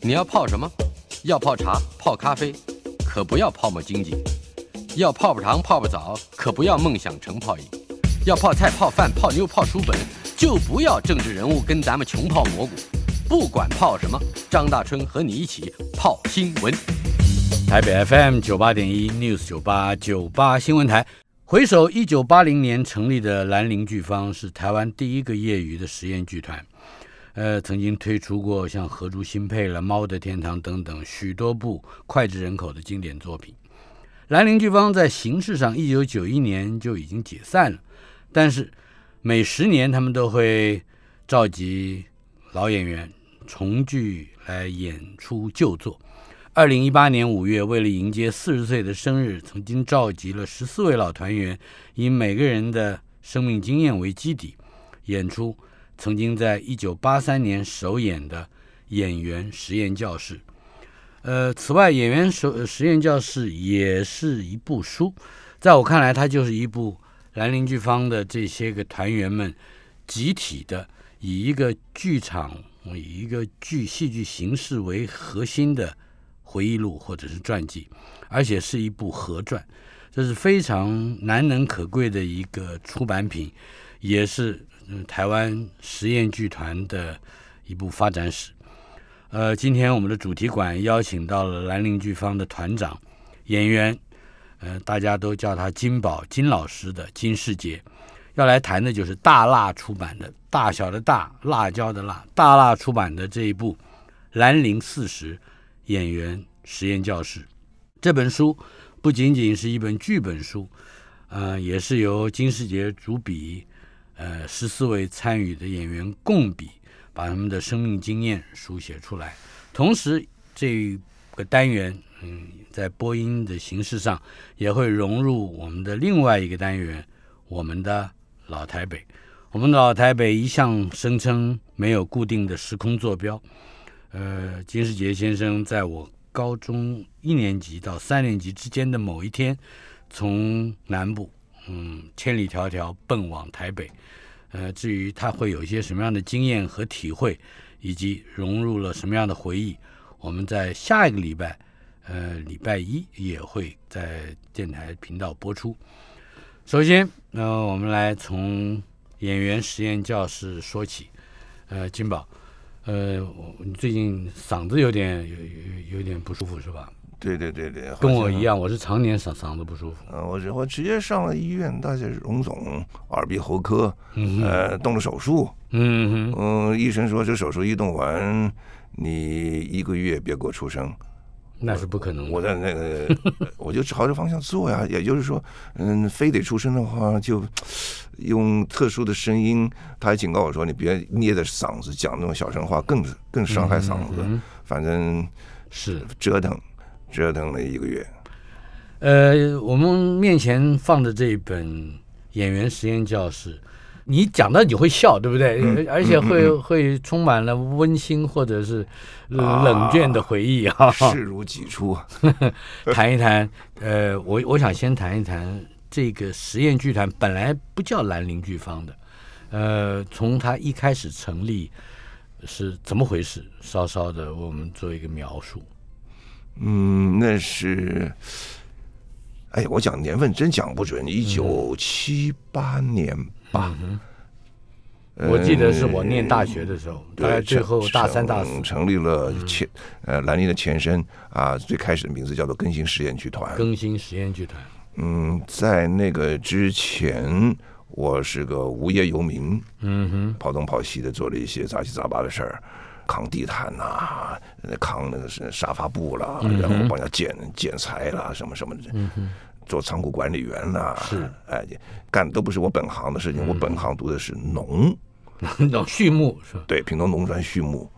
你要泡什麼？要泡茶、泡咖啡，可不要泡沫經濟；要泡泡糖、泡泡澡，可不要夢想成泡影；要泡菜、泡飯、泡妞、泡書本，就不要政治人物跟咱們窮泡蘑菇。不管泡什麼，張大春和你一起泡新聞。台北 FM 九八點一 News 九八九八新聞台。回首一九八零年成立的蘭陵劇坊，是台灣第一個業餘的實驗劇團。呃，曾經推出過像《荷珠新配》了，《貓的天堂》等等許多部膾炙人口的經典作品。蘭陵劇坊在形式上，一九九一年就已經解散了，但是每十年他們都會召集老演員重聚來演出舊作。二零一八年五月，為了迎接四十歲的生日，曾經召集了十四位老團員，以每個人的生命經驗為基底演出。曾經在一九八三年首演的《演員實驗教室》，呃，此外，《演員實、呃、實驗教室》也是一部書。在我看來，它就是一部蘭陵劇坊的這些個團員們集體的，以一個劇場、以一個劇戲劇形式為核心的回憶錄或者是傳記，而且是一部合傳，這是非常難能可貴的一個出版品，也是。嗯，台灣實驗劇團的一部發展史。呃，今天我們的主題館邀請到了蘭陵劇坊的團長、演員，呃，大家都叫他金寶金老師的金士傑，要來談的就是大辣出版的《大小的大辣椒的辣》，大辣出版的這一部《蘭陵四十演員實驗教室》這本書，不僅僅是一本劇本書，呃，也是由金士傑主筆。呃，十四位參與的演員共筆，把他們的生命經驗書寫出來。同時，這個單元，嗯，在播音的形式上，也會融入我們的另外一個單元——我們的老台北。我們的老台北一向聲稱沒有固定的時空坐標。呃，金士杰先生在我高中一年級到三年級之間的某一天，從南部，嗯，千里迢迢奔往台北。呃，至於他會有一些什麼樣的經驗和體會，以及融入了什麼樣的回憶，我們在下一個禮拜，呃，禮拜一也會在電台頻道播出。首先，那、呃、我們來從演員實驗教室說起。呃，金寶，呃，我你最近嗓子有點有有有點不舒服是吧？對對對對，跟我一樣，我，我是常年嗓嗓子不舒服。我、呃、我直接上了醫院，大家榮總耳鼻喉科、嗯，呃，動了手術。嗯嗯、呃，醫生說這手術一動完，你一個月別給我出聲。那是不可能的我，我在那個、呃，我就朝着方向做呀。 也就是說，嗯、呃，非得出聲的話，就用特殊的聲音。他還警告我說，你別捏着嗓子講那種小聲話，更更傷害嗓子。嗯、反正，是折騰。折騰了一個月，呃，我們面前放的這一本《演員實驗教室》，你講到你會笑，對不對？嗯、而且會、嗯、會充滿了溫馨或者是冷峻的回憶啊，視、啊、如己出。談一談，呃，我我想先談一談這個實驗劇團本來不叫蘭陵劇坊的，呃，從它一開始成立是怎麼回事？稍稍的我們做一個描述。嗯，那是，哎，我講年份真講不準、嗯，一九七八年吧、嗯嗯。我記得是我念大學的時候，嗯、對，最後大三、大四成，成立了前，嗯、呃，蘭陵的前身啊，最開始的名字叫做更新實驗劇團。更新實驗劇團。嗯，在那個之前，我是個無業遊民，嗯哼，跑東跑西的做了一些雜七雜八的事兒。扛地毯吶、啊，扛那個是沙發布啦，然後幫人家剪剪裁啦，什麼什麼的，做倉庫管理員啦、嗯，是哎，幹的都不是我本行的事情。我本行讀的是農，養畜牧是吧？對，屏東農專畜牧，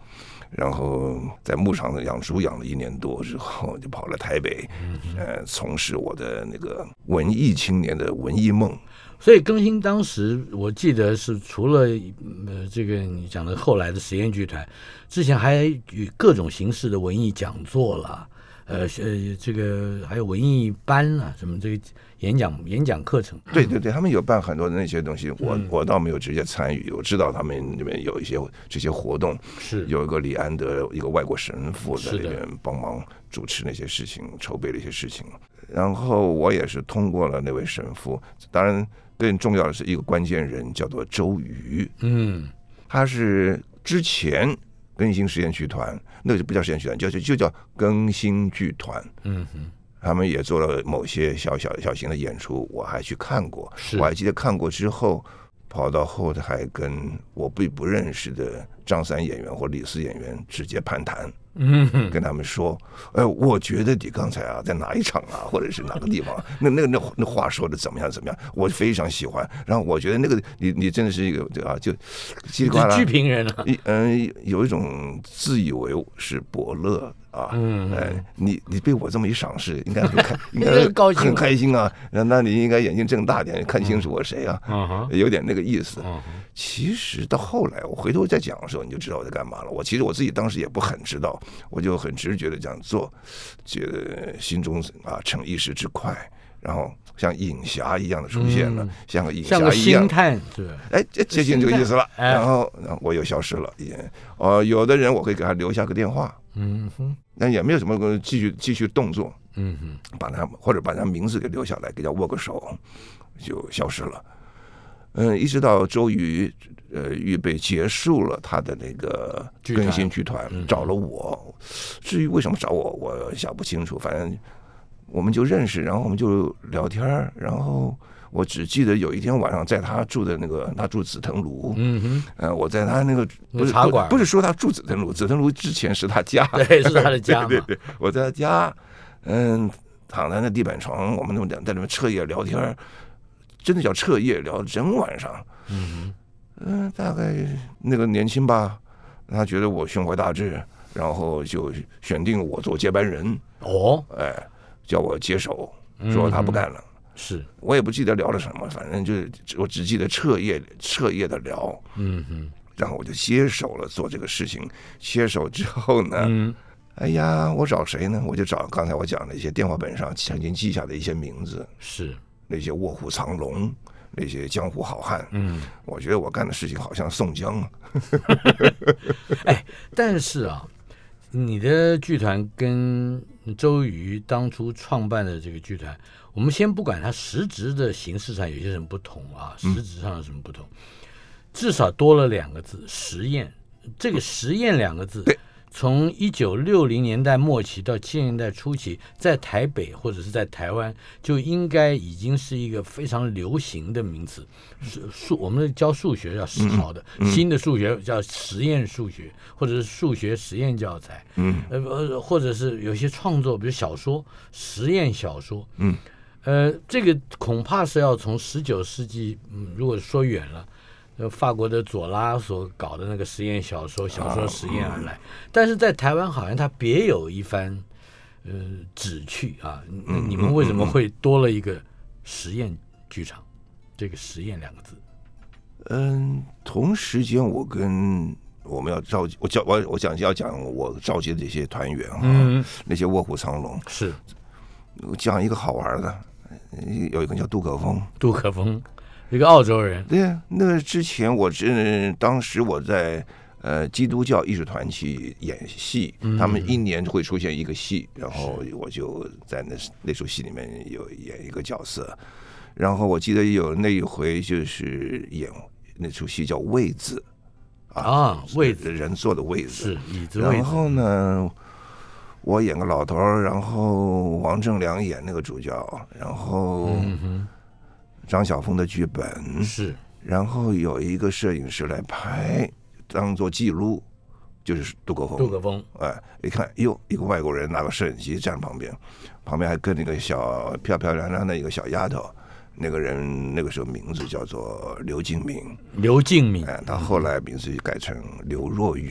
然後在牧場養豬養了一年多之後，就跑來台北、嗯，呃，從事我的那個文藝青年的文藝夢。所以耕莘當時，我記得是除了呃這個你講的後來的實驗劇團，之前還與各種形式的文藝講座啦，呃呃這個還有文藝班啊，什麼這個演講演講課程。對對對，他們有辦很多的那些東西，嗯、我我倒沒有直接參與，我知道他們裡面有一些這些活動，是有一個李安德一個外國神父在那邊幫忙主持那些事情，籌備了一些事情。然後我也是通過了那位神父，當然。更重要的是一個關鍵人，叫做周渝。嗯，他是之前耕莘實驗劇團，那個就不叫實驗劇團，就就就叫耕莘劇團。嗯，他們也做了某些小小小，小型的演出，我還去看過，我還記得看過之後，跑到後台跟我並不認識的張三演員或李四演員直接攀談。嗯，跟他們說，哎、呃，我覺得你剛才啊，在哪一場啊，或者是哪個地方， 那那那那話說的怎麼樣怎麼樣？我非常喜歡。然後我覺得那個你你真的是一個對啊，就嘰裡呱啦，是劇評人啊，嗯，有一種自以為是伯樂的。啊，哎嗯嗯，呃，你你被我這麼一賞識，應該很開，應該高興，很開心啊。那、 啊、那你應該眼睛睜大點，看清楚我是誰啊。嗯嗯嗯嗯，有點那個意思。其實到後來，我回頭再講的時候，你就知道我在幹嘛了。我其實我自己當時也不很知道，我就很直覺的這樣做，覺得心中啊逞一時之快，然後像影俠一樣的出現了，嗯、像個影俠一樣，嗯、態對，哎，接近這，這個意思了然，哎然，然後我又消失了。哦、呃，有的人我會給他留下個電話。嗯哼，那也沒有什麼繼續繼續動作，嗯哼，把他們或者把他名字給留下來，給他握個手就消失了。嗯，一直到周瑜呃預備結束了他的那個更新劇團，劇團嗯、找了我。至於為什麼找我，我想不清楚。反正我們就認識，然後我們就聊天，然後。我只記得有一天晚上，在他住的那個，他住紫藤廬，嗯哼、呃，我在他那個不是茶館，不是說他住紫藤廬，紫藤廬之前是他家，對，是他的家， 對，對對，我在他家，嗯，躺在那地板床，我們那麼兩在裡面徹夜聊天，真的叫徹夜聊整晚上，嗯哼，嗯、呃，大概那個年輕吧，他覺得我胸懷大志，然後就選定我做接班人，哦，哎，叫我接手，說他不幹了。嗯。是我也不記得聊了什麼，反正就我只記得徹夜徹夜的聊，嗯哼，然後我就接手了做這個事情。接手之後呢，嗯，哎呀，我找誰呢？我就找剛才我講的一些電話本上曾經記下的一些名字，是那些臥虎藏龍，那些江湖好漢。嗯，我覺得我幹的事情好像宋江。 哎，但是啊、哦，你的劇團跟周瑜當初創辦的這個劇團。我們先不管它實質的形式上有些什麼不同啊，實質上有什麼不同，嗯，至少多了兩個字“實驗”。這個“實驗”兩個字，嗯，從一九六零年代末期到七零年代初期，在台北或者是在台灣，就應該已經是一個非常流行的名詞。數數，我們教數學要時髦的新的數學叫實驗數學，或者是數學實驗教材。嗯，呃，或者是有些創作，比如小說，實驗小說。嗯。嗯呃，這個恐怕是要從十九世紀、嗯，如果說遠了，法國的左拉所搞的那個實驗小說，小說實驗而來。哦、嗯、但是在台灣，好像它別有一番呃旨趣啊。你。你們為什麼會多了一個實驗劇場？嗯嗯嗯、這個“實驗”兩個字？嗯，同時間我跟我們要召集，我叫我我講要講我召集的這些團員、嗯、啊，那些臥虎藏龍，是我講一個好玩的。有一個叫杜可風，杜可風，一個澳洲人。對呀、啊，那之前我是當時我在呃基督教藝術團去演戲、嗯，他們一年會出現一個戲，然後我就在那那出戲裡面有演一個角色。然後我記得有那一回就是演那出戲叫位子，啊，啊，位子人坐的位子,椅子位子。然後呢？我演個老頭兒，然後王正良演那個主角，然後張曉風的劇本是、嗯嗯嗯，然後有一個攝影師來拍，當做記錄，就是杜可風。杜可風，哎，一看，哎呦，一個外國人拿個攝影機站旁邊，旁邊還跟那個小漂漂亮亮的一個小丫頭，那個人那個時候名字叫做劉靜敏，劉靜敏、哎，他後來名字就改成劉若瑀、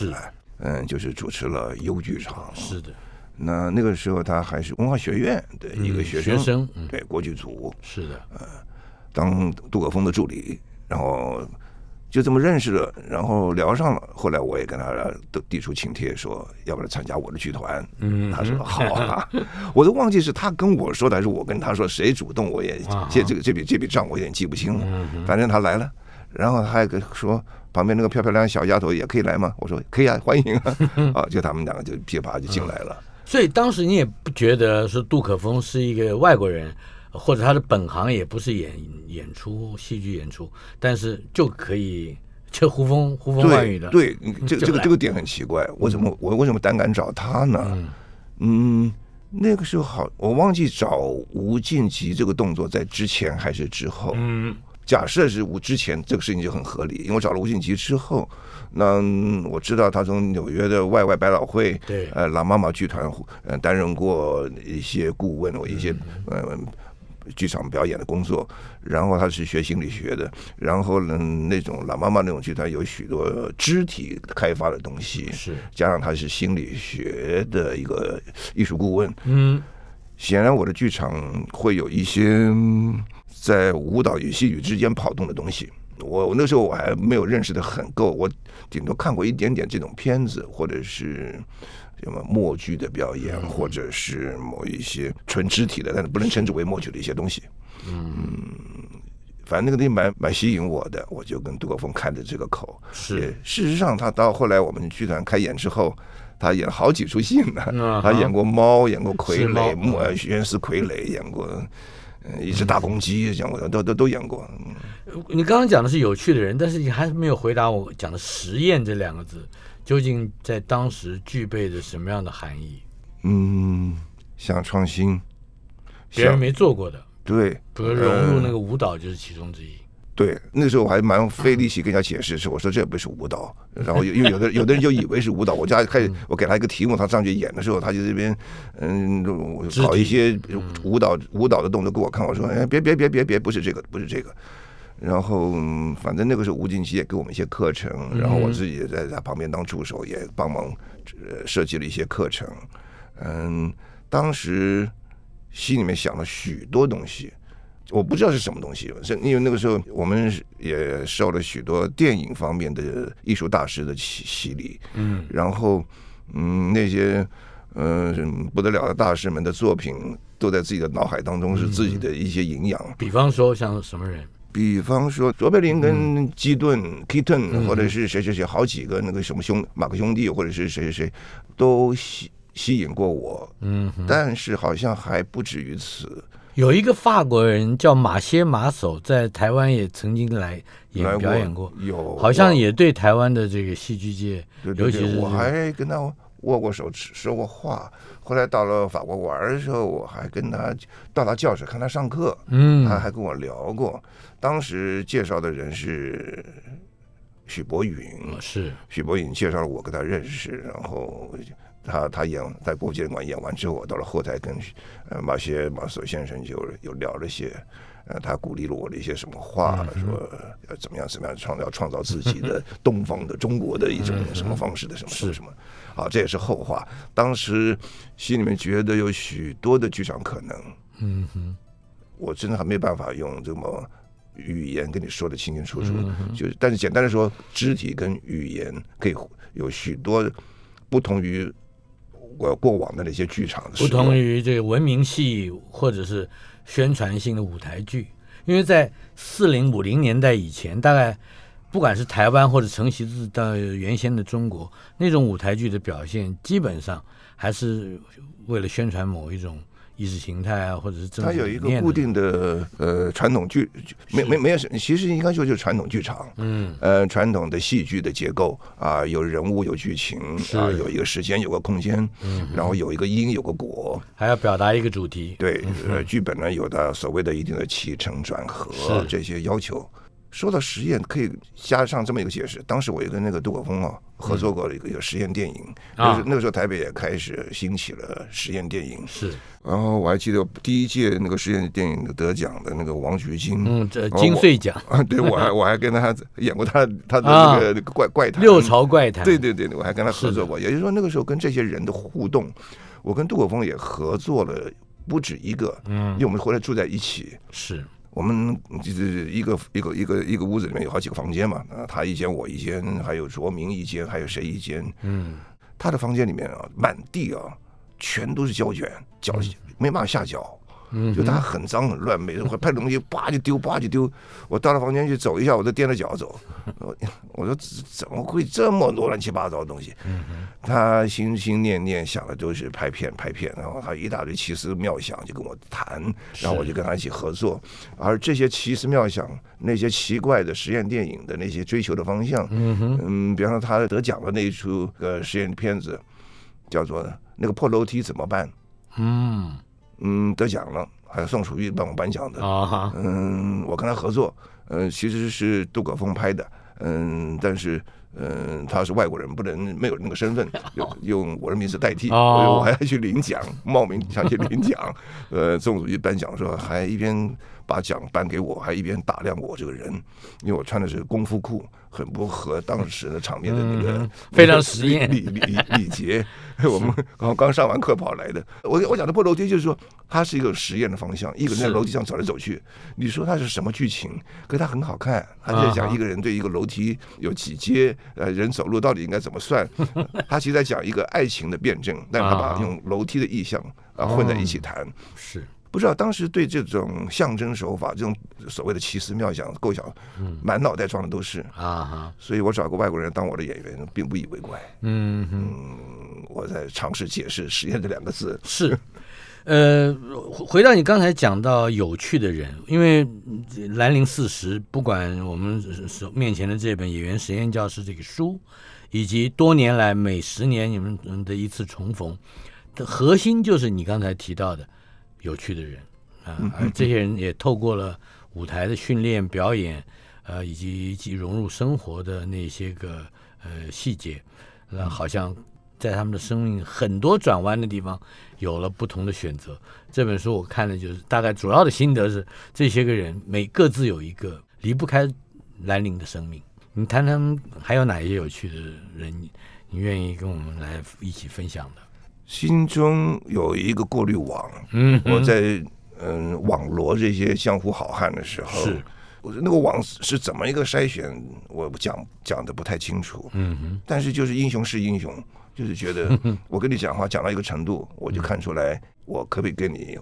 嗯啊，是。嗯，就是主持了優劇場。是的，那那個時候他還是文化學院的一個學生，嗯、學生對國劇組。是的，呃、嗯，當杜可風的助理，然後就這麼認識了，然後聊上了。後來我也跟他遞出請帖說，說要不要參加我的劇團？嗯，他說、嗯、好啊。 我都忘記是他跟我說的，還是我跟他說誰主動。我也借這個這筆這筆賬我有點記不清了、嗯嗯嗯。反正他來了，然後他還跟說。旁邊那個漂漂亮亮的小丫頭也可以來嗎？我說可以啊，歡迎啊！啊，就他們兩個就噼啪就進來了。所以當時你也不覺得說杜可風是一個外國人，或者他的本行也不是演演出戲劇演出，但是就可以這呼風呼風喚雨的對。對，這個這個這個點很奇怪，我怎麼我為什麼膽敢找他呢？嗯，那個時候好，我忘記找吳靜吉這個動作在之前還是之後。嗯。假設是我之前，這個事情就很合理，因為我找了吳靜吉之後，那我知道他從紐約的外外百老匯，對，呃，老媽媽劇團呃擔任過一些顧問，我一些呃、嗯嗯嗯、劇場表演的工作，然後他是學心理學的，然後呢那種老媽媽那種劇團有許多肢體開發的東西，是，加上他是心理學的一個藝術顧問，嗯，顯然我的劇場會有一些。在舞蹈與戲劇之間跑動的東西我，我我那時候我還沒有認識的很夠，我頂多看過一點點這種片子，或者是什麼默劇的表演，嗯、或者是某一些純肢體的，但是不能稱之為默劇的一些東西。嗯，嗯，反正那個東西蠻蠻吸引我的，我就跟杜國峰開的這個口。是，事實上他到後來我們劇團開演之後，他演了好幾出戲呢、嗯啊。他演過貓，演過傀儡木，懸絲、嗯、傀儡，演過。一隻大公雞講過的都、嗯、都都演過、嗯。你剛剛講的是有趣的人，但是你還是沒有回答我講的“實驗”這兩個字究竟在當時具備着什麼樣的含義？嗯，想創新想，別人沒做過的。對，比如融入那個舞蹈就是其中之一。嗯對，那個、時候我還蠻費力氣跟他解釋是，是、嗯、我說這也不是舞蹈，然後因為有，有的有的人就以為是舞蹈， 我家開始我給他一個題目，他上去演的時候，他就這邊嗯搞一些舞蹈舞蹈的動作給我看，我說哎別別別別別不是這個不是這個，然後反正那個時候吳靜吉也給我們一些課程，然後我自己在他旁邊當助手也幫忙、呃、設計了一些課程，嗯，當時心裡面想了許多東西。我不知道是什麼東西，是因為那個時候我們也受了許多電影方面的藝術大師的洗洗禮，嗯，然後嗯那些嗯、呃、不得了的大師們的作品都在自己的腦海當中是自己的一些營養。嗯、比方說像什麼人？比方說卓別林跟基頓，基、嗯、頓，或者是誰誰誰，好幾個那個什麼兄馬克兄弟，或者是誰誰誰，都吸吸引過我，嗯，但是好像還不止於此。有一個法國人叫馬歇·馬叟，在台灣也曾經來也表演過，過有，好像也對台灣的這個戲劇界，對對對，我還跟他握過手，說過話。後來到了法國玩的時候，我還跟他到他教室看他上課，嗯，他還跟我聊過。當時介紹的人是許博允，哦，是許博允介紹了我跟他認識，然後。他他演在國際場館演完之後，我到了後台跟呃馬歇馬索先生就又聊了些，呃他鼓勵了我的一些什麼話，說要怎麼樣怎麼樣創造創造自己的東方的中國的一種什麼方式的什麼是什麼，啊這也是後話，當時心裡面覺得有許多的劇場可能，嗯哼，我真的還沒辦法用這麼語言跟你說得清清楚楚，嗯、就是但是簡單的說，肢體跟語言可以有許多不同於。過過往的那些劇場，不同於這個文明戲或者是宣傳性的舞台劇，因為在四零五零年代以前，大概不管是台灣或者承襲自到原先的中國，那種舞台劇的表現，基本上還是為了宣傳某一種。意識形態啊，或者是它有一個固定的，嗯、呃傳統劇，沒沒沒有其實應該就就是傳統劇場，嗯，呃傳統的戲劇的結構啊，呃，有人物有劇情啊，呃，有一個時間有個空間，嗯，然後有一個因有個果，還要表達一個主題，對，嗯呃、劇本呢有的所謂的一定的起承轉合、嗯、這些要求。說到實驗，可以加上這麼一個解釋。當時我也跟那個杜可風啊合作過一個，一個實驗電影。是，啊就是那個時候台北也開始興起了實驗電影。是，然後我還記得第一屆那個實驗電影的得獎的那個王菊金，嗯，這金穗獎 啊，對我還我還跟他演過他他的那個怪、啊、怪談《六朝怪談》。對對對，我還跟他合作過。也就是說，那個時候跟這些人的互動，我跟杜可風也合作了不止一個。嗯，因為我們回來住在一起。是。我們就是一個一個一個一個屋子裡面有好幾個房間嘛，啊、他一間我一間，還有卓明一間，還有誰一間？嗯，他的房間裡面啊，滿地啊，全都是膠卷，腳沒辦法下腳。就他很髒很亂，每、嗯、次拍的東西 叭就丟，叭就丟。我到了房間去走一下，我都踮着腳走。我說怎麼會這麼多亂七八糟的東西、嗯？他心心念念想的都是拍片拍片，然後他一大堆奇思妙想就跟我談，然後我就跟他一起合作。而這些奇思妙想，那些奇怪的實驗電影的那些追求的方向，嗯哼，嗯，比方說他得獎的那一出呃實驗片子，叫做那個破樓梯怎麼辦？嗯。嗯，得獎了，還有宋楚瑜幫我頒獎的。Oh, huh. 嗯，我跟他合作，嗯、呃，其實是杜可風拍的，嗯，但是，嗯、呃，他是外國人，不能沒有那個身份，用用我的名字代替，oh. 所以我還要去領獎，冒名上去領獎。 呃，宋楚瑜頒獎的時候，還一邊把獎頒給我，還一邊打量我這個人，因為我穿的是功夫褲，很不合當時的場面的那個、 嗯、非常實驗、那個、禮禮禮，禮節。 我們剛剛上完課跑來的，我我講的破樓梯就是說，它是一個實驗的方向，一個人在樓梯上走來走去，你說它是什麼劇情？可是它很好看，他就在講一個人對一個樓梯有幾階，呃，人走路到底應該怎麼算？他其實在講一個愛情的辯證，但是他把用樓梯的意象啊混在一起談是。是不知道當時對這種象徵手法、這種所謂的奇思妙想構想，嗯，滿腦袋裝的都是啊。所以我找個外國人當我的演員，並不以為怪。嗯哼。嗯，我在嘗試解釋“實驗”這兩個字。是，呃，回到你剛才講到有趣的人，因為蘭陵四十，不管我們面前的這本《演員實驗教室》這個書，以及多年來每十年你們的一次重逢，的核心就是你剛才提到的。有趣的人啊，而這些人也透過了舞台的訓練、表演，呃，以及融入生活的那些個呃細節，那、啊、好像在他們的生命很多轉彎的地方有了不同的選擇。這本書我看的就是，大概主要的心得是這些個人每各自有一個離不開蘭陵的生命。你談談還有哪些有趣的人你，你願意跟我們來一起分享的？心中有一個過濾網，嗯，我在嗯網羅這些江湖好漢的時候，是，那個網是怎麼一個篩選？我講講的不太清楚，嗯，但是就是英雄是英雄，就是覺得我跟你講話 講到一個程度，我就看出來我可不可以跟你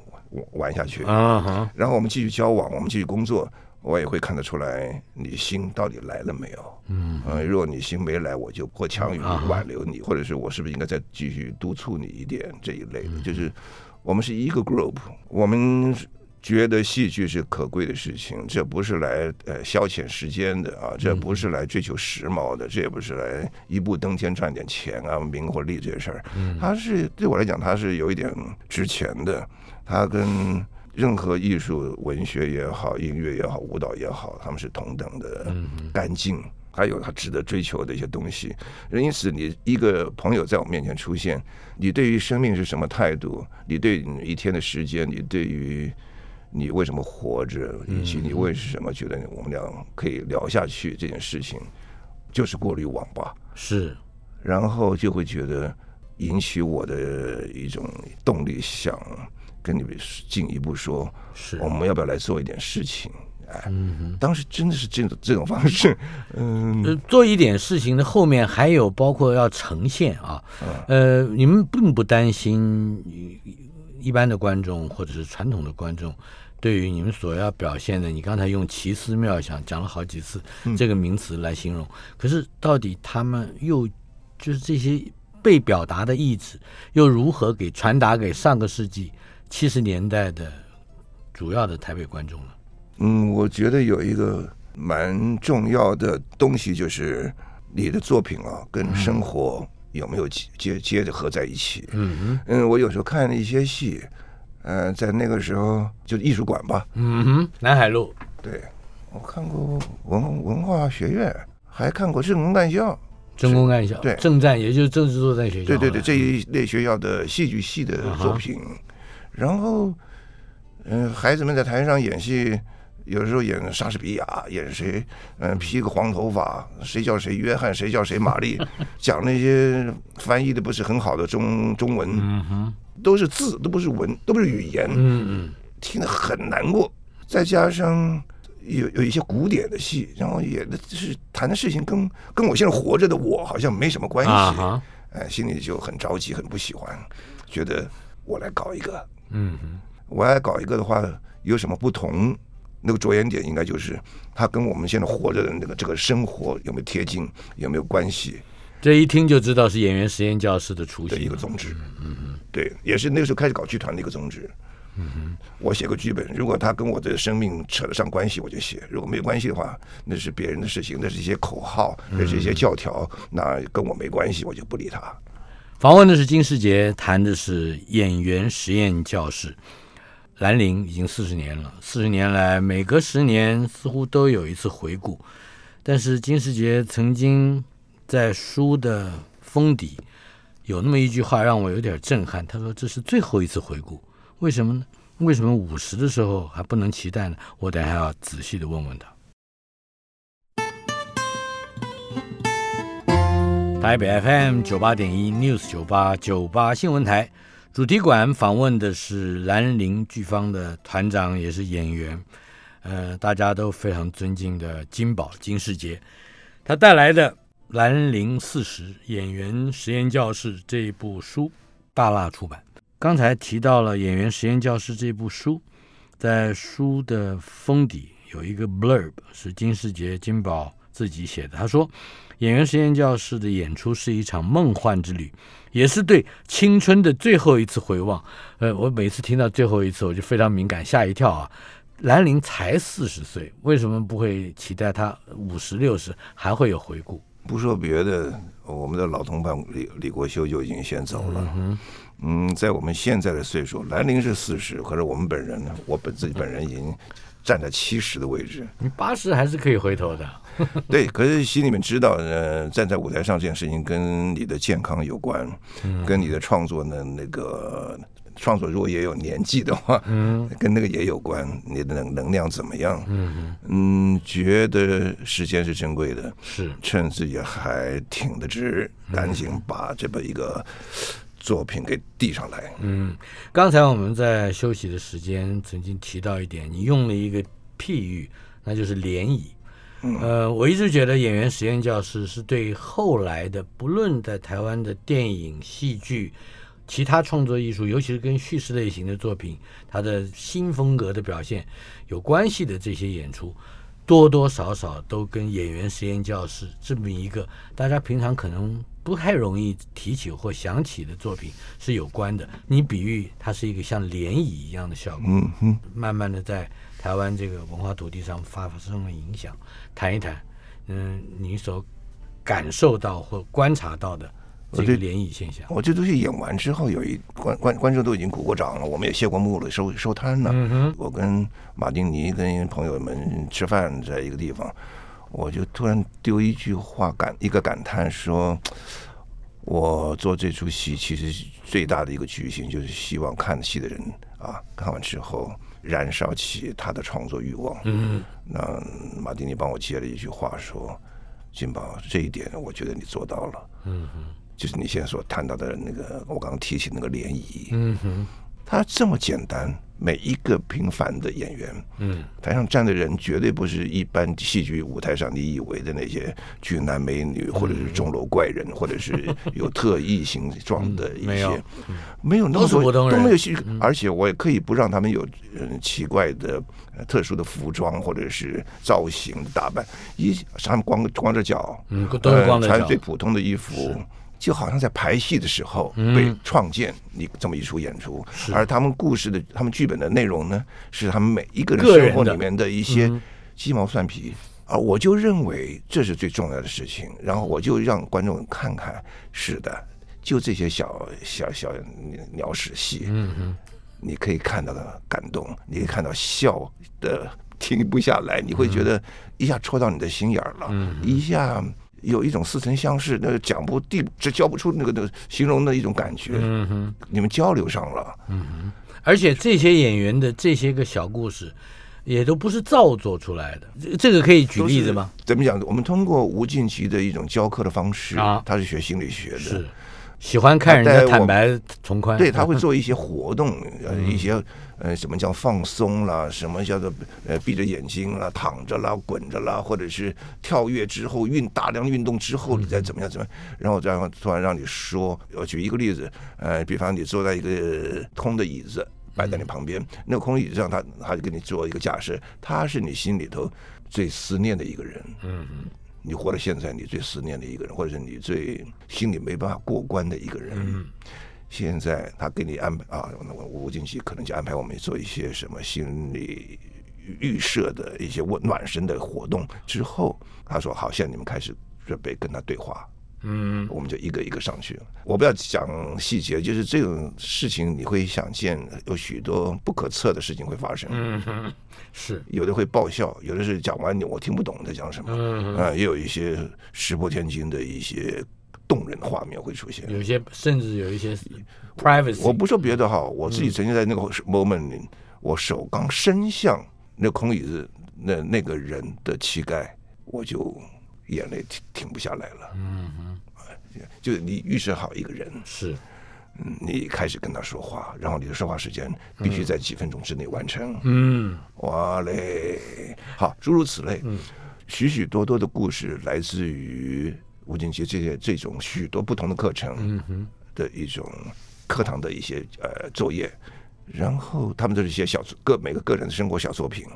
玩下去啊、嗯？然後我們繼續交往，我們繼續工作。我也會看得出來，你心到底來了沒有？嗯,嗯,嗯，若如果你心沒來，我就破強語挽留你，或者是我是不是應該再繼續督促你一點這一類的？嗯嗯就是我們是一個 group，我們覺得戲劇是可貴的事情，這不是來呃消遣時間的啊，這不是來追求時髦的，嗯嗯這也不是來一步登天賺點錢啊名或利這些事兒，嗯、它是對我來講，它是有一點值錢的，它跟、嗯。任何藝術、文學也好，音樂也好，舞蹈也好，他們是同等的乾淨，還有他值得追求的一些東西。因此，你一個朋友在我面前出現，你對於生命是什麼態度？你對你一天的時間，你對於你為什麼活着，以及你為什麼覺得我們倆可以聊下去這件事情，就是過濾網吧。是，然後就會覺得引起我的一種動力想。跟你們進一步說，是我們要不要來做一點事情？哎，嗯哼，當時真的是這種這種方式，嗯，做一點事情的後面還有包括要呈現啊，嗯，呃，你們並不擔心一般的觀眾或者是傳統的觀眾對於你們所要表現的，你剛才用奇思妙想講了好幾次這個名詞來形容，嗯，可是到底他們又就是這些被表達的意志，又如何給傳達給上個世紀七十年代的主要的台北觀眾了。嗯，我覺得有一個蠻重要的東西，就是你的作品啊，跟生活有沒有接接着合在一起。嗯嗯。嗯，我有時候看了一些戲，呃，在那個時候就藝術館吧。嗯哼，南海路。對，我看過文文化學院，還看過政工幹校。政工幹校，對，政戰，也就是政治作戰學校。對對對，這一類學校的戲劇系的作品。啊。然後，嗯、呃，孩子們在台上演戲，有時候演莎士比亞，演誰？嗯、呃，披個黃頭髮，誰叫誰約翰，誰叫誰瑪麗， 講那些翻譯的不是很好的中中文，嗯，都是字，都不是文，都不是語言，嗯嗯，聽得很難過。再加上有有一些古典的戲，然後演的是談的事情，跟跟我現在活着的我好像沒什麼關係，啊，哎，心裡就很着急，很不喜歡，覺得我來搞一個。嗯哼，我要搞一個的話，有什麼不同？那個着眼點應該就是他跟我們現在活着的那個這個生活有沒有貼近，有沒有關係？這一聽就知道是演員實驗教室的初心的一個宗旨。嗯嗯，對，也是那個時候開始搞劇團的一個宗旨。嗯嗯，我寫個劇本，如果他跟我的生命扯得上關係，我就寫；如果沒有關係的話，那是別人的事情，那是一些口號，那是一些教條，嗯、那跟我沒關係，我就不理他。訪問的是金士傑，談的是演員實驗教室。蘭陵已經四十年了，四十年來每隔十年似乎都有一次回顧。但是金士傑曾經在書的封底有那麼一句話讓我有點震撼，他說這是最後一次回顧，為什麼呢？為什麼五十的時候還不能期待呢？我等下要仔細的問問他。台北 FM 九八點一 News 九八九八新聞台主題館訪問的是蘭陵劇坊的團長，也是演員，呃，大家都非常尊敬的金寶金士傑。他帶來的《蘭陵四十演員實驗教室》這一部書，大辣出版。剛才提到了《演員實驗教室》這部書，在書的封底有一個 blurb，是金士傑金寶自己寫的，他說。演員實驗教室的演出是一場夢幻之旅，也是對青春的最後一次回望。呃，我每次聽到“最後一次”，我就非常敏感，嚇一跳啊！蘭陵才四十歲，為什麼不會期待他五十六十還會有回顧？不說別的，我們的老同伴李李國修就已經先走了。嗯，嗯，在我們現在的歲數，蘭陵是四十，可是我們本人呢，我本自己本人已經站在七十的位置。嗯。你八十還是可以回頭的。 對，可是心裡面知道，呃，站在舞台上這件事情跟你的健康有關，跟你的創作呢，那個創作如果也有年紀的話，嗯，跟那個也有關，你的能能量怎麼樣？嗯嗯，嗯，覺得時間是珍貴的，是趁自己還挺得直，趕緊把這麼一個作品給遞上來。嗯，剛才我們在休息的時間曾經提到一點，你用了一個譬喻，那就是漣漪。呃，我一直覺得演員實驗教室是對後來的，不論在台灣的電影、戲劇、其他創作藝術，尤其是跟敘事類型的作品，它的新風格的表現有關係的這些演出，多多少少都跟演員實驗教室這麼一個大家平常可能不太容易提起或想起的作品是有關的。你比喻，它是一個像漣漪一樣的效果，嗯嗯，慢慢的在。台灣這個文化土地上發生了影響。談一談，嗯，你所感受到或觀察到的這個漣漪現象。我，我這出戲演完之後，有一觀觀觀眾都已經鼓過掌了，我們也謝過幕了，收收攤了。嗯哼，我跟馬丁尼跟朋友們吃飯在一個地方，我就突然丟一句話感一個感嘆說，說我做這出戲其實最大的一個決心就是希望看戲的人啊，看完之後。燃燒起他的創作慾望。嗯，那馬丁，你幫我接了一句話說：“金寶，這一點我覺得你做到了。”嗯哼，就是你現在所談到的那個，我剛剛提起那個漣漪。嗯哼，它這麼簡單。每一個平凡的演員，嗯，台上站的人絕對不是一般戲劇舞台上你以為的那些俊男美女，或者是鐘樓怪人，嗯，或者是有特異形狀的一些，嗯、沒有，嗯、沒有那麼多東西，都沒有戲。而且我也可以不讓他們有，嗯嗯、奇怪的、特殊的服裝或者是造型的打扮，一他們光光着腳，嗯，都光着腳，穿，呃、最普通的衣服。就好像在排戲的時候被創建你、嗯、這麼一出演出，而他們故事的、他們劇本的內容呢，是他們每一個人生活裡面的一些雞毛蒜皮、嗯。而我就認為這是最重要的事情，然後我就讓觀眾看看，是的，就這些小小小,小鳥屎戲、嗯，你可以看到的感動，你可以看到笑的停不下來，你會覺得一下戳到你的心眼了，嗯、一下。有一種似曾相識，那個講不定，這教不出那個那個形容的一種感覺。嗯哼，你們交流上了。嗯哼，而且這些演員的這些個小故事，也都不是造作出來的。這這個可以舉例子嗎？就是、怎麼講？我們通過吳靜吉的一種教課的方式、啊、他是學心理學的。是。喜歡看人家坦白從寬，哎、對、對他會做一些活動，嗯、一些呃，什麼叫放鬆啦，什麼叫做呃，閉着眼睛啦，躺着啦，滾着啦，或者是跳躍之後運大量運動之後，你再怎麼樣怎麼樣，然後再突然讓你說，我舉一個例子，呃，比方你坐在一個空的椅子擺在你旁邊，那個空椅子上他他就給你做一個假設，他是你心裡頭最思念的一個人，嗯。你活到現在，你最思念的一個人，或者是你最心裡沒辦法過關的一個人。現在他給你安排啊，吳靜吉可能就安排我們做一些什麼心理預設的一些溫暖身的活動之後，他說好，現在你們開始準備跟他對話。嗯，我們就一個一個上去，我不要講細節，就是這種事情，你會想見有許多不可測的事情會發生。嗯，是有的會爆笑，有的是講完你我聽不懂在講什麼。嗯啊，也有一些石破天驚的一些動人的畫面會出現。有些甚至有一些 privacy 我。我不說別的哈，我自己曾經在那個 moment 裡，嗯，我手剛伸向那個空椅子，那那個人的膝蓋，我就。眼淚停停，不下來了。嗯哼，就你預設好一個人。是，你開始跟他說話，然後你的說話時間必須在幾分鐘之內完成。嗯，哇嘞，好，諸如此類，嗯、許許多多的故事來自於吳靜吉這些這種許多不同的課程，嗯哼，的一種課堂的一些、嗯、呃作業，然後他們都是些小作，個，每個個人的生活小作品。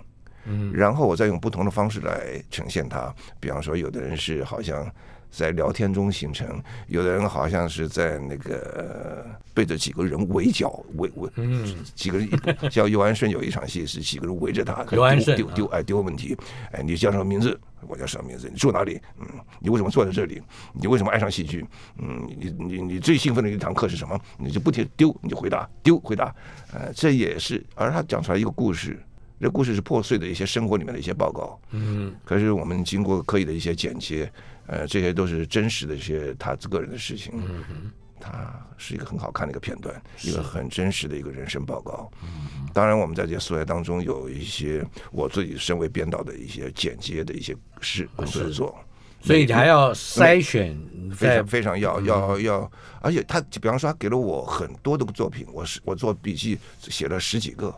然後我再用不同的方式來呈現它，比方說有的人是好像在聊天中形成，有的人好像是在那個、呃、被這幾個人圍剿圍圍，嗯，幾個人， 像游安順有一場戲是幾個人圍着他，游安順丟丟，丟哎丟問題，哎你叫什麼名字？我叫什麼名字？你住哪裡？嗯，你為什麼坐在這裡？你為什麼愛上戲劇？嗯，你你你最興奮的一堂課是什麼？你就不停丟，你就回答丟回答，呃，這也是，而他講出來一個故事。這故事是破碎的一些生活裡面的一些報告，嗯，可是我們經過刻意的一些剪切，呃，這些都是真實的一些他個人的事情，嗯哼，他是一個很好看的一個片段，一個很真實的一個人生報告。嗯、當然，我們在這些素材當中有一些我自己身為編導的一些剪接的一些事工作，所以你還要篩選、嗯嗯，非常非常要、嗯、要要，而且他比方說他給了我很多的作品，我是我做筆記寫了十幾個。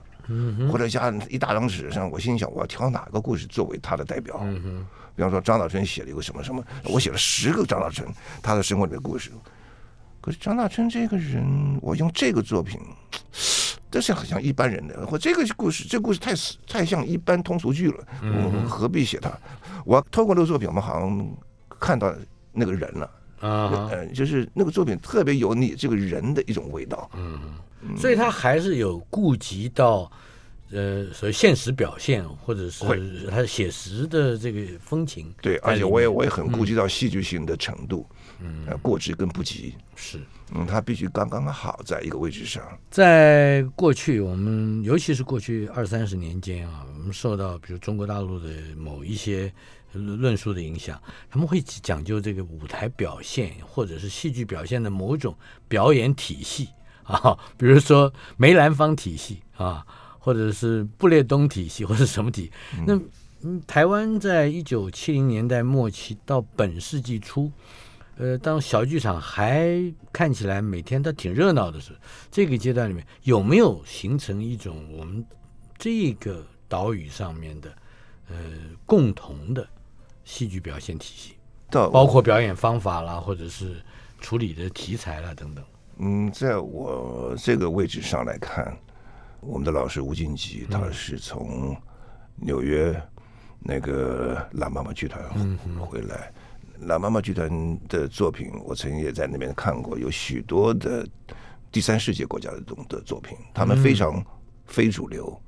或者加一,一大張紙上，我心想，我要挑哪個故事作為他的代表？比方說張大春寫了一個什麼什麼，我寫了十個張大春他的生活裡的故事。可是張大春這個人，我用這個作品，但是很像一般人的，或這個故事，這故事太太像一般通俗劇了，我何必寫他？我透過這個作品，我們好像看到那個人了。啊、uh -huh. 嗯，就是那個作品特別有你這個人的一種味道，嗯，嗯所以他還是有顧及到，呃，所謂現實表現或者是他寫實的這個風情，對，而且我也我也很顧及到戲劇性的程度，嗯，呃、過之跟不及是，嗯，他必須剛剛好在一個位置上。在過去，我們尤其是過去二三十年間啊，我們受到比如中國大陸的某一些論述的影響，他們會講究這個舞台表現或者是戲劇表現的某種表演體系啊，比如說梅蘭芳體系啊，或者是布列東體系或者是什麼體系。那、嗯、台灣在一九七零年代末期到本世紀初，呃，當小劇場還看起來每天都挺熱鬧的時候，這個階段裡面有沒有形成一種我們這個島嶼上面的呃共同的？戲劇表現體系，到包括表演方法啦，或者是處理的題材啦等等。嗯，在我這個位置上來看，我們的老師吳靜吉，他是從紐約那個辣媽媽劇團回來。辣、嗯、媽媽劇團的作品，我曾經也在那邊看過，有許多的第三世界國家的東的作品，他們非常非主流，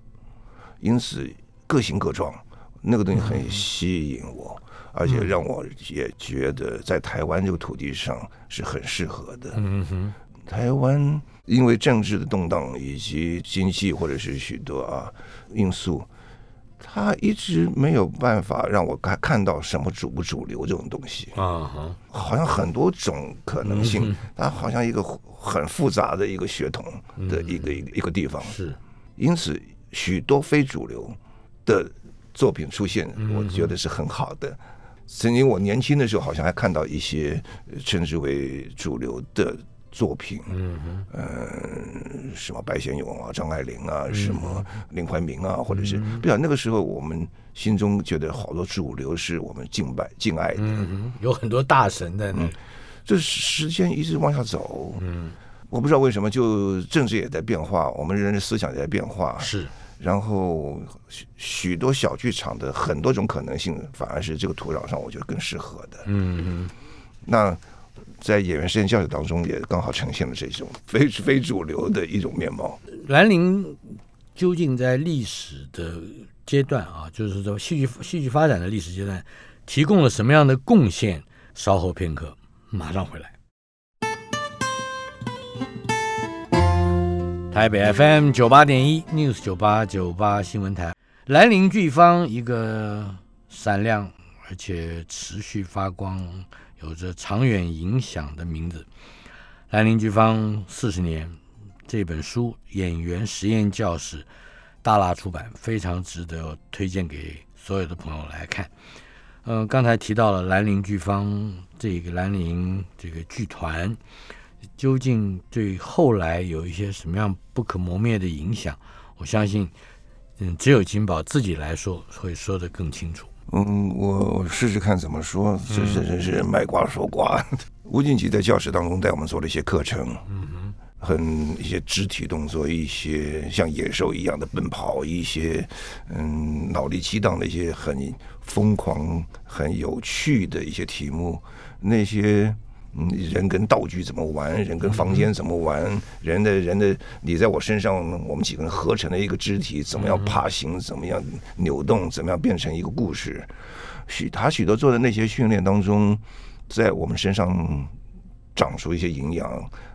因此各形各狀。那個東西很吸引我，而且讓我也覺得在台灣這個土地上是很適合的。嗯哼，台灣因為政治的動盪以及經濟或者是許多啊因素，它一直沒有辦法讓我看看到什麼主不主流這種東西啊，好像很多種可能性，它好像一個很複雜的一個血統的一個一個一個地方是，因此許多非主流的。作品出現，我覺得是很好的，嗯。曾經我年輕的時候，好像還看到一些稱之為主流的作品，嗯嗯、呃，什麼白先勇啊、張愛玲啊，什麼林懷民啊、嗯，或者是、嗯、不曉得那個時候，我們心中覺得好多主流是我們敬拜敬愛的，嗯，有很多大神在那。這、嗯、時間一直往下走，嗯，我不知道為什麼，就政治也在變化，我們人的思想也在變化，是。然後許許多小劇場的很多種可能性，反而是這個土壤上我覺得更適合的。嗯嗯，那在演員實驗教育當中也剛好呈現了這種非非主流的一種面貌。蘭陵究竟在歷史的階段啊，就是說戲劇戲劇發展的歷史階段提供了什麼樣的貢獻？稍後片刻，馬上回來。台北 FM 九八點一 News 九八九八新聞台，蘭陵劇坊一個閃亮而且持續發光、有着長遠影響的名字。蘭陵劇坊四十年這本書，演員實驗教室大辣出版，非常值得推薦給所有的朋友來看。嗯、呃，剛才提到了蘭陵劇坊這個蘭陵這個劇團。究竟對後來有一些什麼樣不可磨滅的影響？我相信，嗯，只有金寶自己來說會說得更清楚。嗯，我試試看怎麼說，這是這是是賣瓜說瓜。嗯、吳靜吉在教室當中帶我們做了一些課程，嗯哼，很一些肢體動作，一些像野獸一樣的奔跑，一些嗯腦力激盪的一些很瘋狂、很有趣的一些題目，那些。嗯，人跟道具怎麼玩？人跟房間怎麼玩？嗯、人的人的，你在我身上，我們幾個人合成了一個肢體，怎麼樣爬行？怎麼樣扭動？怎麼樣變成一個故事？許他許多做的那些訓練當中，在我們身上長出一些營養。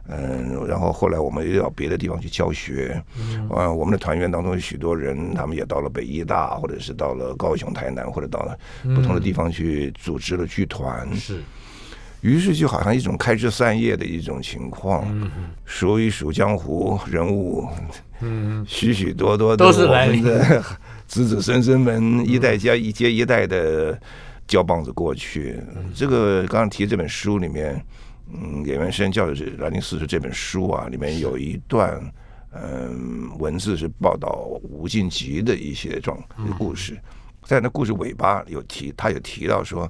嗯，然後後來我們又到別的地方去教學。嗯，啊、嗯嗯，我們的團員當中有許多人，他們也到了北藝大，或者是到了高雄、台南，或者到了不同的地方去組織了劇團。嗯、是。於是就好像一種開枝散葉的一種情況，數、嗯、一數江湖人物，嗯，許許多多都是來的 子子孫孫們一代家一接一代的交棒子過去。嗯、這個剛剛提這本書裡面，嗯，員、嗯嗯、實驗教室蘭陵四十這本書啊，裡面有一段嗯文字是報道吳靜吉的一些狀故事、嗯，在那故事尾巴有提，他有提到說。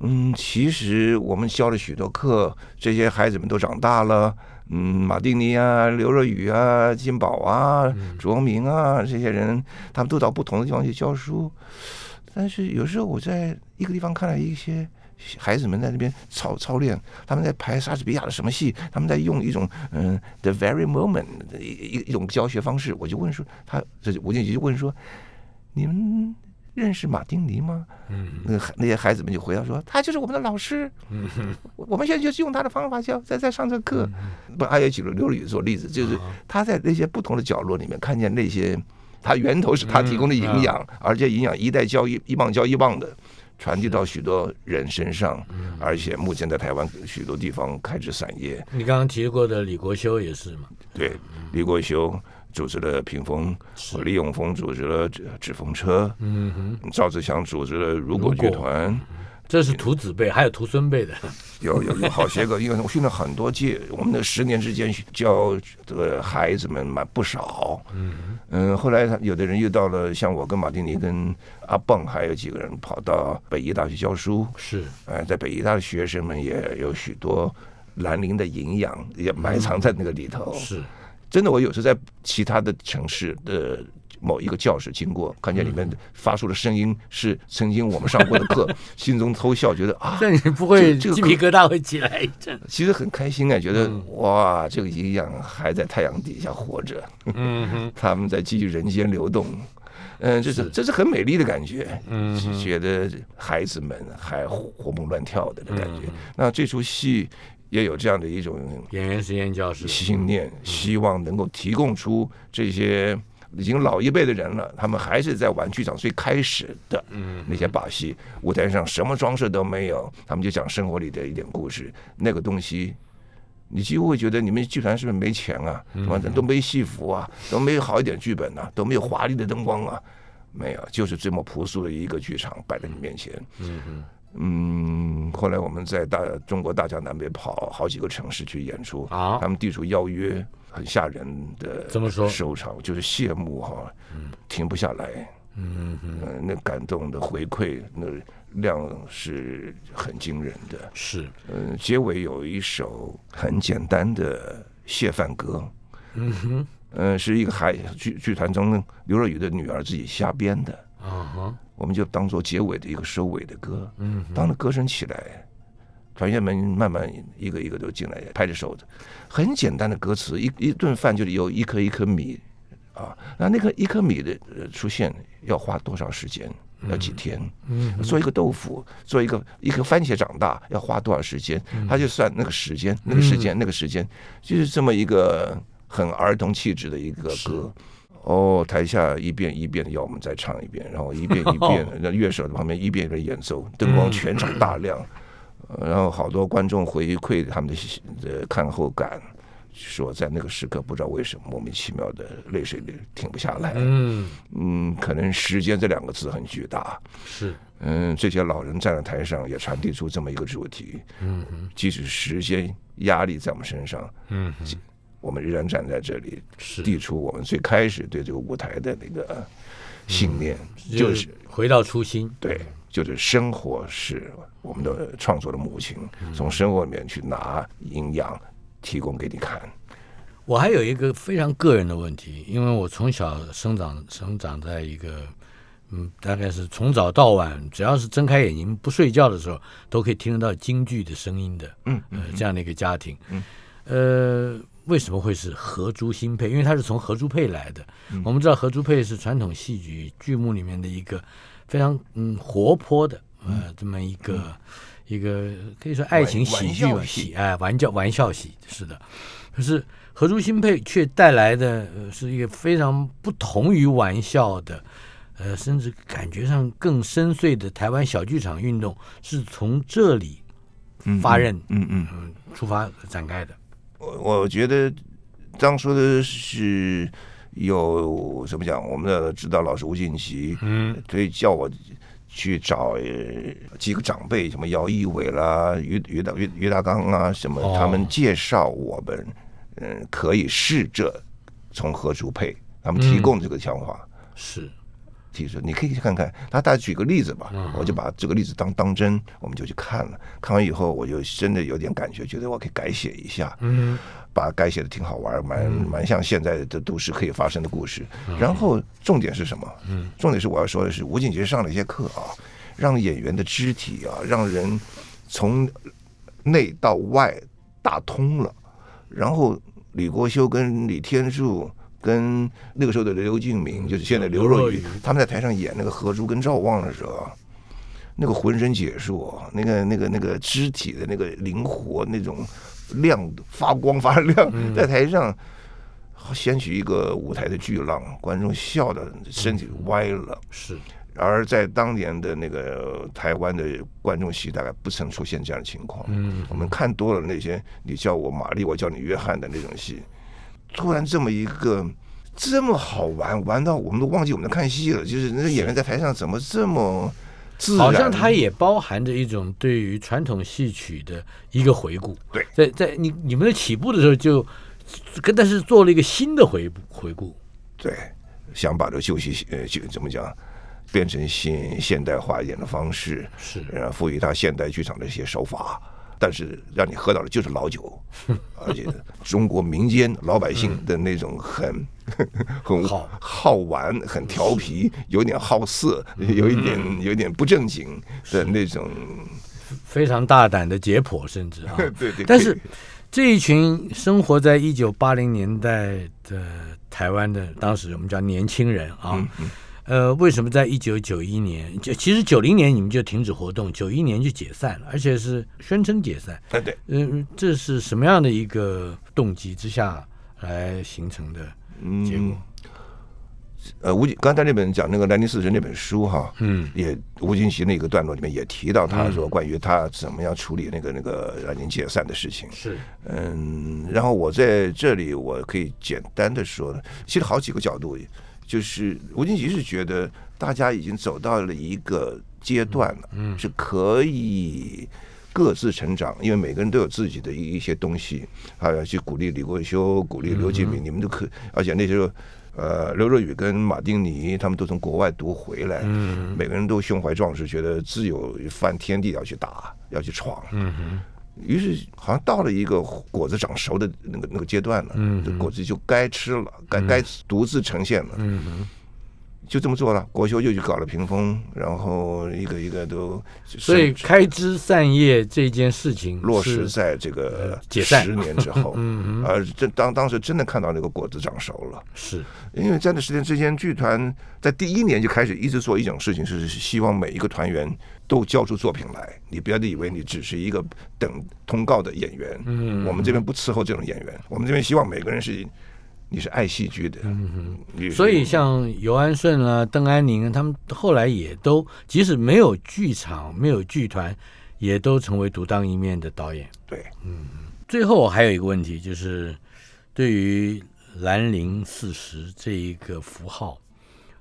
嗯，其實我們教了許多課，這些孩子們都長大了。嗯，馬丁尼啊，劉若雨啊，金寶啊，嗯、卓明啊，這些人，他們都到不同的地方去教書。但是有時候我在一個地方看到一些孩子們在那邊操操練，他們在排莎士比亞的什麼戲，他們在用一種嗯，the very moment 一，一種教學方式，我就問說他，我就就問說，你們。認識馬丁尼嗎？嗯，那那些孩子們就回答說：“他就是我們的老師。嗯”我們現在就是用他的方法教，在在上着課、嗯。不，阿也舉了劉雨做例子，就是他在那些不同的角落裡面看見那些，他源頭是他提供的營養、嗯，而且營養一代交一，嗯、一棒交一棒的傳遞到許多人身上。嗯，而且目前在台灣許多地方開枝散葉。你剛剛提過的李國修也是嘛？對，李國修。組織了屏風，李永豐組織了紙紙風車，嗯哼，趙自強組織了如果劇團，這是徒子輩，嗯、還有徒孫輩的，有有有好些個， 因為我訓練很多屆，我們的十年之間教這個孩子們蠻不少，嗯嗯，後來他有的人又到了，像我跟馬丁尼、跟阿蹦還有幾個人跑到北藝大學教書，是，哎、呃，在北藝大的學生們也有許多蘭陵的營養也埋藏在那個裡頭，嗯、是。真的，我有時在其他的城市的某一個教室經過，看見裡面發出的聲音，是曾經我們上過的課，嗯、 心中偷笑，覺得啊。這你不會雞、這個、皮疙瘩會起來一陣。其實很開心啊，感覺得哇，這個營養還在太陽底下活着，嗯、呵呵他們在繼續人間流動，嗯，這是，是這是很美麗的感覺，嗯，覺得孩子們還活，活蹦亂跳的，的感覺，嗯、那這出戲。也有這樣的一種演員實驗教室信念，希望能夠提供出這些已經老一輩的人了，他們還是在玩劇場最開始的那些把戲。舞台上什麼裝飾都沒有，他們就講生活裡的一點故事。那個東西，你幾乎會覺得你們劇團是不是沒錢啊？都都沒戲服啊，都沒有好一點劇本啊，都沒有華麗的燈光啊，沒有，就是這麼樸素的一個劇場擺在你面前。嗯，後來我們在大中國大江南北跑好幾個城市去演出啊，他們地處邀約很嚇人的，怎麼說收場就是謝幕哈，嗯，停不下來，嗯哼，呃、那感動的回饋那量是很驚人的，是，嗯、呃，結尾有一首很簡單的謝飯歌，嗯哼，嗯、呃，是一個還劇劇團中劉若瑀的女兒自己瞎編的，嗯、啊、哼。我們就當做結尾的一個收尾的歌，當着歌聲起來，團員們慢慢一個一個都進來拍着手的，很簡單的歌詞，一一頓飯就是有一顆一顆米啊，那那個一顆米的出現要花多少時間？要幾天？嗯嗯、做一個豆腐，做一個一顆番茄長大要花多少時間？他就算那個時間，那個時間，那個時間，就是這麼一個很兒童氣質的一個歌。哦、oh,，台下一遍一遍的要我們再唱一遍，然後一遍一遍的，那、oh. 樂手在旁邊一遍一遍演奏，燈光全場大亮，嗯，然後好多觀眾回饋他們的看後感，說在那個時刻不知道為什麼莫名其妙的淚水裡停不下來。嗯嗯，可能時間這兩個字很巨大。是嗯，這些老人站在台上也傳遞出這麼一個主題。嗯嗯，即使時間壓力在我們身上。嗯。我們仍然站在這裡，是遞出我們最開始對這個舞台的那個信念，就就，嗯，就是回到初心，嗯。對，就是生活是我們的創作的母親，從生活裡面去拿營養，提供給你看。我還有一個非常個人的問題，因為我從小生長生長在一個，嗯，大概是從早到晚，只要是睜開眼睛不睡覺的時候，都可以聽得到京劇的聲音的。嗯嗯，呃，這樣的一個家庭。嗯，呃。為什麼會是荷珠新配？因為它是從荷珠配來的、嗯。我們知道荷珠配是傳統戲劇劇目裡面的一個非常嗯活潑的呃這麼一個、嗯、一個可以說愛情喜劇戲，哎，玩笑玩笑戲、哎、玩笑玩笑戲是的。可、就是荷珠新配卻帶來的是一個非常不同於玩笑的，呃甚至感覺上更深邃的台灣小劇場運動是從這裡發軔，嗯嗯，嗯，嗯出發展開的。我覺得當初的是有什麼講？我們的指導老師吳靜吉，嗯，所以叫我去找，呃、幾個長輩，什麼姚一葦啦、俞、俞大、俞、俞大綱啊，什麼他們介紹我們、哦，嗯，可以試着從何處配，他們提供這個想法，嗯、是。你可以去看看。那大家舉個例子吧，我就把這個例子當當真，我們就去看了。看完以後，我就真的有點感覺，覺得我可以改寫一下，把改寫的挺好玩，蠻蠻像現在的都市可以發生的故事。然後重點是什麼？重點是我要說的是，吳靜吉上了一些課啊，讓演員的肢體啊，讓人從內到外打通了。然後李國修跟李天柱。跟那個時候的劉靜敏、嗯，就是現在劉若瑀他們在台上演那個荷珠跟趙旺的時候，那個渾身解數，那個那個、那個、那個肢體的那個靈活，那種亮發光發亮、嗯，在台上掀起一個舞台的巨浪，觀眾笑得，身體歪了。是、嗯，而在當年的那個台灣的觀眾席，大概不曾出現這樣的情況。嗯，嗯，我們看多了那些你叫我瑪麗，我叫你約翰的那種戲。突然這麼一個這麼好玩，玩到我們都忘記我們在看戲了。就是那個演員在台上怎麼這麼自然？好像它也包含着一種對於傳統戲曲的一個回顧。對，在在你你們的起步的時候，就跟但是，做了一個新的回顧。回顧對，想把這個舊戲呃，就怎麼講變成新現代化一點的方式是，然後賦予它現代劇場的一些手法。但是讓你喝到的，就是老酒，而且中國民間老百姓的那種很、嗯、呵呵很好好玩、很調皮、嗯、有點好色、有一點有點不正經的那種，非常大膽的解剖，甚至啊，呵呵對，對。但是這一群生活在一九八零年代的台灣的，當時我們叫年輕人啊。嗯嗯呃，為什麼在一九九一年，其實九零年你們就停止活動，九一年就解散了，而且是宣稱解散。哎、嗯，對，嗯，這是什麼樣的一個動機之下來形成的結果？嗯，呃，吳，剛才那本講那個蘭陵四十那本書哈，嗯，也吳靜吉那個段落裡面也提到，他說關於他怎麼樣處理那個、嗯、那個蘭陵解散的事情是，嗯，然後我在這裡我可以簡單的說呢，其實好幾個角度。就是吳靜吉是覺得大家已經走到了一個階段了，嗯嗯，是可以各自成長，因為每個人都有自己的一一些東西。還、啊、要去鼓勵李國修，鼓勵劉靜敏，嗯，你們都可，而且那時候，呃，劉若瑀跟馬汀尼他們都從國外讀回來，嗯，每個人都胸懷壯志，覺得自有一番天地要去打，要去闖。嗯嗯嗯於是，好像到了一個果子長熟的那個那個階段了，這、嗯嗯、果子就該吃了，該該獨自呈現了。嗯嗯就這麼做了，國修又去搞了屏風，然後一個一個都。所以開枝散葉這件事情落實在這個解散十年之後，嗯，而這當當時真的看到那個果子長熟了。是，因為在那十年之間，劇團在第一年就開始一直做一種事情，是希望每一個團員都交出作品來。你不要以為你只是一個等通告的演員，嗯，我們這邊不伺候這種演員，我們這邊希望每個人是。你是愛戲劇的，嗯哼，所以像尤安順啊、鄧、嗯、安寧啊，他們後來也都即使沒有劇場、沒有劇團，也都成為獨當一面的導演。對，嗯。最後我還有一個問題，就是對於蘭陵四十這一個符號，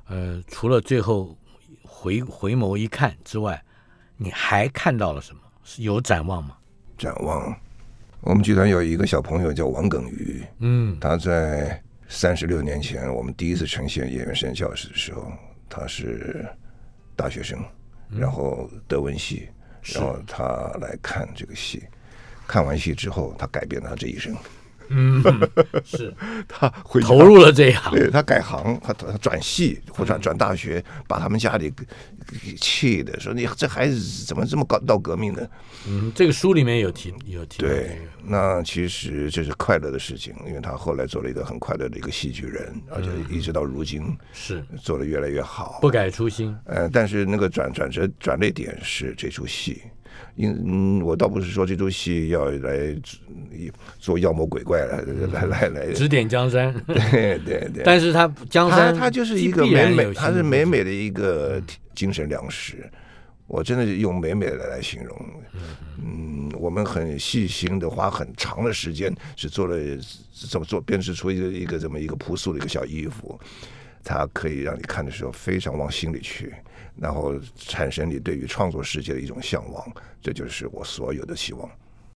呃，除了最後回回眸一看之外，你還看到了什麼？是有展望嗎？展望。我們劇團有一個小朋友叫王耿瑜，嗯，他在三十六年前，我們第一次呈現演員實驗教室的時候，他是大學生，然後德文系，嗯，然後他來看這個戲，看完戲之後，他改變了他這一生。嗯，是 他，回他投入了這一行，對他改行，他他，他轉系或轉轉大學，嗯，把他們家裡給，給氣的，說你這孩子怎麼這麼搞到革命的？嗯，這個書裡面有提有提。對，那其實這是快樂的事情，嗯，因為他後來做了一個很快樂的一個戲劇人，而且一直到如今是做的越來越好，嗯，不改初心。呃，但是那個轉轉折轉捩點是這出戲。因、嗯、我倒不是說這出戲要來做妖魔鬼怪、嗯、來來來來指點江山，對對對。但是他江山他就是一個美美，他是美美的一個精神糧食。我真的是用美美的來形容嗯。嗯，我們很細心的花很長的時間是做了怎麼做，做，編織出一個一個這麼一個樸素的一個小衣服，它可以讓你看的時候非常往心裡去。然後產生你對於創作世界的一種向往，這就是我所有的希望。